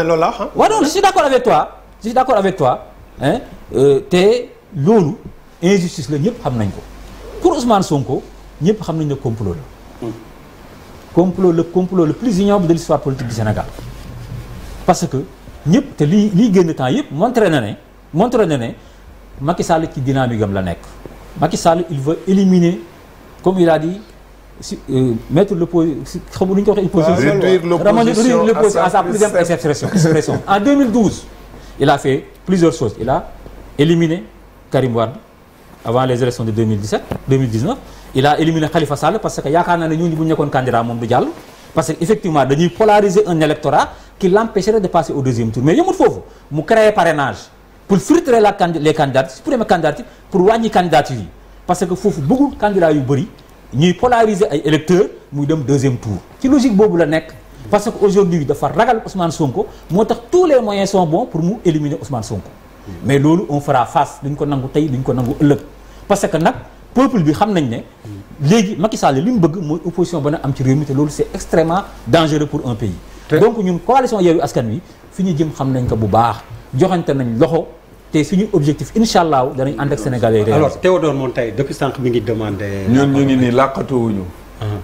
mais loolu la waaw non je suis d'accord avec toi je suis d'accord avec toi euh, te loolu injustice la ñëpp xam nañ ko pour Ousmane Sonko ñëpp xam nañ ne complot la. complot le complot le plus ignoble de l'histoire politique du Sénégal parce que ñëpp te lii lii génn temps yëpp montré na ne montré na ne Macky Sall ci dynamique am la nekk Macky Sall il veut éliminer comme il a dit. si euh, mettre l'opposition xam nga nu ñu ko waxee opposition réduire l'opposition à sa plus simple expression en 2012 il a fait plusieurs choses il a éliminé Karim Wade avant les élections de il a éliminé Khalifa Sall parce que yaakaar naa ne ñooñu bu ñu nekkoon moom du jàll parce que effectivement dañuy polariser un électorat qui l'empêcherait de passer au deuxième tour mais yëmut foofu mu créer parrainage pour filtrer la les candidats supprimer candidature pour wàññi candidature yi parce que foofu bëggul candidat yu bëri ñuy polariser ay électeurs muy dem deuxième tour ci logique boobu la nekk parce que aujourd'hui dafa ragal Ousmane Sonko moo tax tous les moyens sont bons pour mu éliminer Ousmane Sonko mais loolu on fera face duñ ko nangu tey duñ ko nangu ëllëg parce que nag peuple bi xam nañ ne léegi Macky Sall li mu bëgg mooy opposition ba na am ci réew mi te loolu c'est extrêmement dangereux pour un pays donc ñun coalition Yewwi Askan Wi fi ñu jëm xam nañ ko bu baax joxante nañ loxo te suñu objectif incha allah danañ ànd ak sénégalais. alors Théodore Monteil depuis sànq mi ngi demandé. ñun ñu ngi nii làqatuwuñu ah.